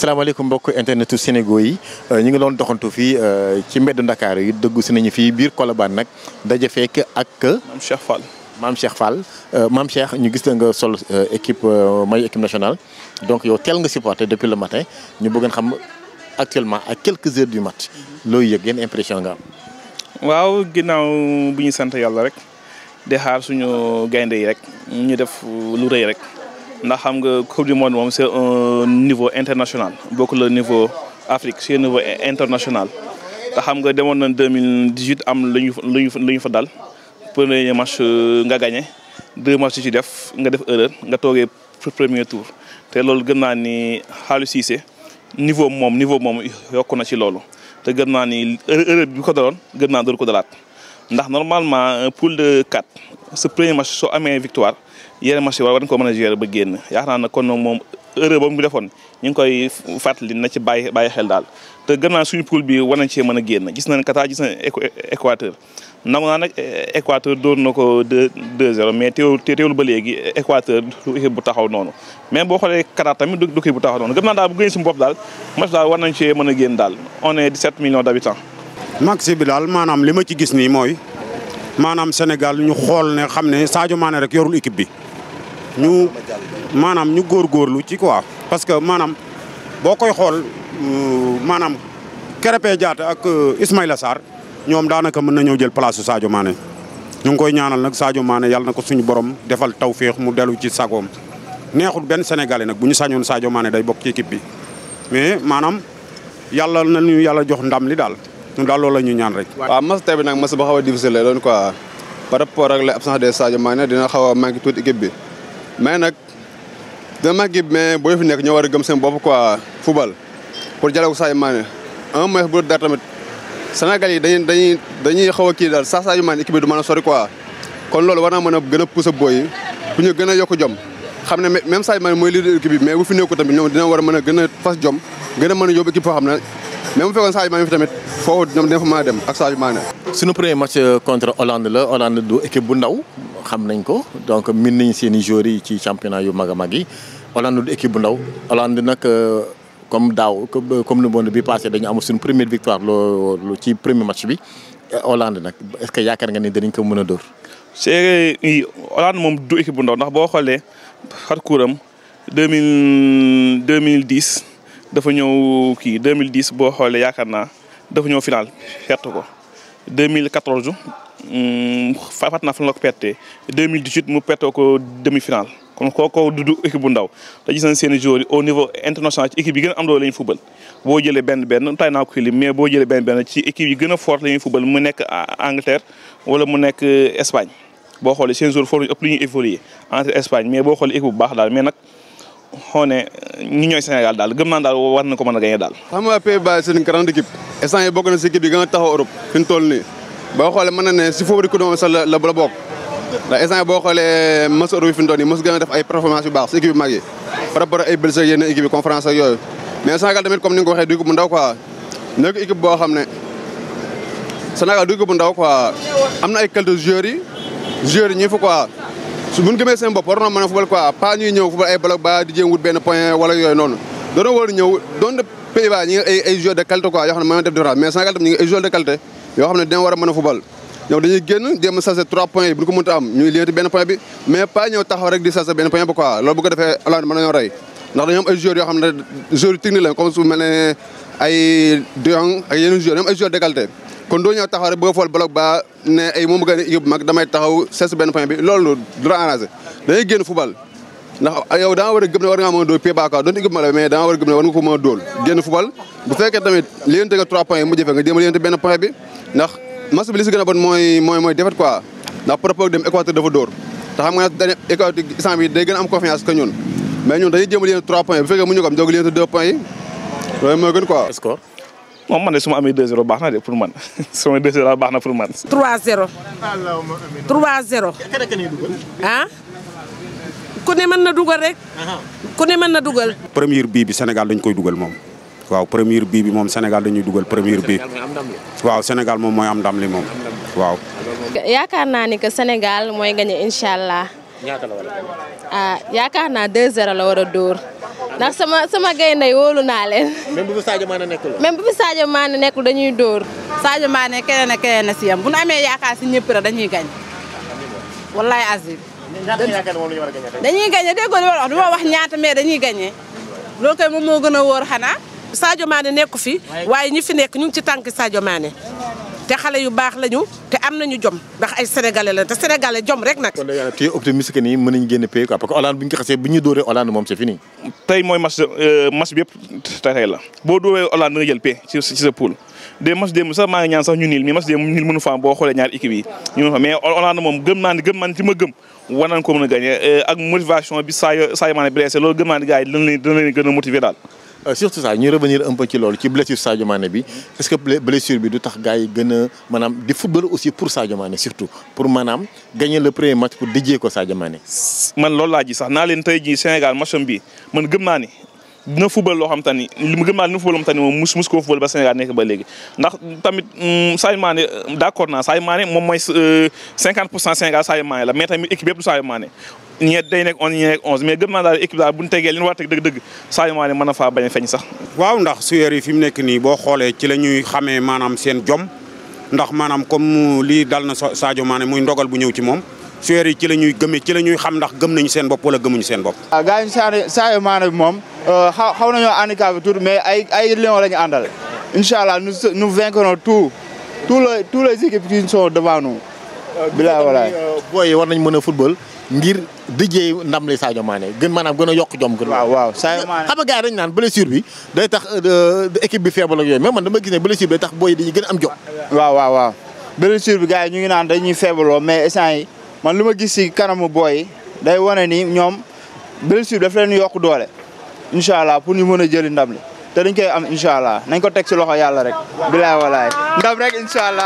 salaamaaleykum mbokk internetu Sénégal yi euh, ñu ngi doon doxantu fii euh, ci mbedd ndakaar yi dëggu si nañu fii biir Colobane nag daje fekk ak. Euh, maam Cheikh Fall mam Cheikh Fall maam Cheikh ñu gis la nga sol équipe mayu équipe nationale donc yow teel nga supporté depuis le matin ñu bëggoon xam actuellement à quelques heures du match looy yëg yenn impression nga am. waaw ginnaaw bu ñu sant yàlla rek di xaar suñu gaynde yi rek ñu def lu rëy rek. ndax xam nga coupe du monde moom c'est un niveau international bokk la niveau Afrique c'est niveau international te xam nga demoon nañ 2018 am lu ñu lu ñu fa dal premier match euh, nga gagné deux matchs ci def nga def erreur nga toogee premier tour te loolu gën naa ni Aliou Cissé niveau moom niveau moom yokku na ci loolu te gën naa ni erreur bi ko daloon gën naa doon ko dalaat ndax normalement poule de 4 sa premier match soo amee victoire yeneen match yi war nañ ko mën a gérer ba génn yaakaar na kon kon moom erreur boobu mu defoon ñu ngi koy fàttali na ci bàyyi bàyyi xel daal te gën naa suñu poule bi war nañ cee mën a génn gis nañ Qatar gis nañ Équateur nam naa nag Équateur na ko deux deux zéro mais teewul teewul ba léegi Équateur du équipe noonu boo xoolee Qatar tamit du équipe bu taxaw noonu gëm naa daal bu gënee suñu bopp daal match daal war nañ cee mën a génn daal on est 17 millions d' max bi daal maanaam li ma ci gis nii mooy maanaam Sénégal ñu xool ne xam ne Sadio maane rek yorul équipe bi ñu maanaam ñu góor góorlu ci quoi. parce que maanaam boo koy xool euh, maanaam Krépin Diatta ak euh, Ismaïla Sarr ñoom daanaka mën na ñëw jël place su Sadio Mané ñu ngi koy ñaanal nag Sadio maane yàlla na ko suñu borom defal tawféex mu dellu ci sagoom neexul benn Sénégalais nag bu ñu sañoon Sadio maane day bokk ci équipe bi mais maanaam yàlla na ñu yàlla jox ndam li daal. ñun daal loolu la ñu ñaan rek. waaw match tey bi nag match ba xaw a difficile la doon quoi par rapport ak les absence des Sadio Mané dina xaw a manqué tuuti bi mais nag mais boo fi nekk ñoo war a gëm seen bopp quoi football pour jëlee ko Sadio Mané un mois bu dara tamit Sénégal yi dañuy dañuy dañuy kii daal saa Sadio Mané équipe bi du mën a sori quoi kon loolu war naa mën a gën a pousser booy yi ñu gën a yokk jom xam ne même Sadio Mané mooy leader équipe bi mais bu fi nekku tamit ñoom dina war a mën a gën a fas jom gën a mën a yóbbu équipe foo xam ne mais bu fekkoon Sadio Mané fi tamit foofu dina fa mën a dem ak Sadio Mané. suñu premier match euh, contre Hollande la Hollande du équipe bu ndaw xam nañ ko donc min nañ seen i joueurs yi ci championnat yu mag a mag yi Hollande du bu ndaw Hollande nag euh, comme daaw comme euh, lu monde bi passé dañu am suñu première victoire loo ci premier match bi Hollande nag est-ce que yaakaar nga ni danañ ko mën a dóor. c'est Hollande moom du équipe bu ndaw ndax boo xoolee parcours am deux mille deux mille dix dafa ñëw kii 2010 boo xoolee yaakaar na dafa ñëw final perte ko 2014 mm, ko perte 2018 mu perte ko demi final kon kooku du du équipe bu ndaw te gis nañ seen au niveau international ci équipe yi gën a am doole la ñuy fubal boo jëlee benn benn tay naa ko fi mais boo jëlee benn benn ci équipe yi gën a fort la ñuy mu nekk Angleterre wala mu nekk euh, Espagne boo xoolee seen joueurs foofu ëpp lu ñuy évoluer entre Espagne mais boo xoolee équipe bu baax daal mais nag. xoo ne ñooy Sénégal daal gëm naa daal war na ko a gagné daal. xam nga Pays-Bas c'est une grande équipe instant yi a taxaw Europe boo xoolee na a def Sénégal du équipe ndaw quoi am na ay quelques joueurs yi joueurs yi ñu fa quoi su mun gëmee seen bopp war na mën a fubal quoi pas ñuy ñëw fubal ay bloc ba di jéem wut benn point wala yooyu noonu doona war ñëw doon Pays-Bas ñi ngi de qualité quoi yoo xam ne mën a def différence mais dañuy génn jéem a sase trois points yi bu ñu ko mënta am ñuy lienti benn point bi mais pas ñëw taxaw rek di sase benn point bi quoi loolu bu defee Hollande mën nañoo ndax dañoo am ay joueurs yoo xam ne joueurs De Jong kon doo ñëw taxaw rek a fool bloc ba ne ay moom gën a yóbbu benn point bi loolu du la arrangé génn football ndax ah, yow war a gëm ne war ngaa mën a dóor pied bas quoi donte ma la nga ko mën a génn football bu fekkee tamit léente trois points benn point bi ndax match bi li si a bon mooy mooy mooy défaite quoi ndax propos dem Équateur dafa dóor te nga ne Équateur instant bi trois points bu fekkee mu ñu ko am jóg léente deux points yi loolu mooy gën moom man de su ma amee 2-0 baax na de pour man su ma 2-0 baax na pour man. 3-0. 3-0. ah. ku ne mën na dugal rek. ku ne mën na dugal. première bii bi Sénégal dañ koy dugal moom. waaw première bii bi moom Sénégal dañuy dugal première bii. waaw Sénégal moom mooy am ndam li moom waaw. yaakaar naa ni que Sénégal mooy gagné incha allah. Ah, yaakaar naa 2 la war dóor. ndax sama sama gaynde yi wóolu naa leen. même bu fi nekkul même bu fi Sadio nekkul dañuy dóor. Sadio Mané keneen ak keneen a si yam bu ñu amee yaakaar si ñëpp rek dañuy gañ. wallaay azim. dañuy gañe déggoo li ma wax du ma wax ñaata mais dañuy gañe. lool kay moom moo gën a wóor xanaa. Sadio Mané nekku fi waaye ñi fi nekk ñu ngi ci tànk Sadio Mané. te xale yu baax lañu te am nañu jom ndax ay sénégalais la te sénégalais jom rek nag. kon da ngaa tu es optimiste que ni mën nañu génn pays quoi parce que Hollande bu ñu ko xasee bu ñu dóoree euh, bi boo dóoree Hollande da nga jël pays ci sa poule. de match démb sax maa ngi ñaan sax ñu niil mais match démb niil mënu faam boo xoolee ñaari équipe yi ñu mënu faam mais Hollande moom gëm naa ni gëm naa ci ma gëm war ko mën a gagné euh, ak motivation bi saa yoo saa yoo maanaam loolu gëm naa ni gars yi dina gën a motiver daal Euh, surtout ça ñu revenir un peu ci loolu ci blessure Sadio Mané bi est-ce que blessure bi du tax gars yi gën a maanaam di football aussi pour Sadio Mané surtout pour maanaam gagner le premier match pour déjee ko Sadio Mané. man loolu laa ji sax naa leen tey jii Sénégal matcham bi man gëm naa ni dina football loo xam te ni li mu gëm naa ni football loo xam te ni moom mus mus koo football ba Sénégal nekk ba léegi ndax tamit mm, Sadio Mané d'accord naa Sadio Mané moom mooy 50 euh, pour cent Sénégal Sadio ñeet day nekk onze ñee nekk onze mais gëm naa daal équipe daal bu ñu tegee li ñu war a teg dëgg-dëgg Sadio Mané faa bañ a feeñ sax waaw ndax suyeur yi fi mu nekk nii boo xoolee ci la ñuy xamee maanaam seen jom ndax maanaam comme lii dal na Sadio maane muy ndogal bu ñëw ci moom suyeur yi ci la ñuy gëmee ci la ñuy xam ndax gëm nañ seen bopp wala gëmuñu seen bopp a ah, gars yi Sadio Mané bi moom euh, xaw xaw nañoo handicapé tout mais ay ay lion la ñu àndal nu allah nous vaincrons tout tous les les équipes qui sont bilaa walaay euh, booy war nañ mën a football ngir dijjee ndam li Sadio Mané gën maanaam gën a yokk jom gën waaw waaw Sadio Mané naan blessure bi day tax euh, équipe bi faible ak yooyu man dama gis ne blessure bi day ñu ngi naan dañuy faibloo mais instant yi man li ma gis si kanamu booy day wane ni ñoom blessure bi daf leen yokk doole incha allah pour ñu mën a jëli ndam li te dañ koy am incha nañ ko teg si loxo yàlla rek bilaay walaay ndam rek incha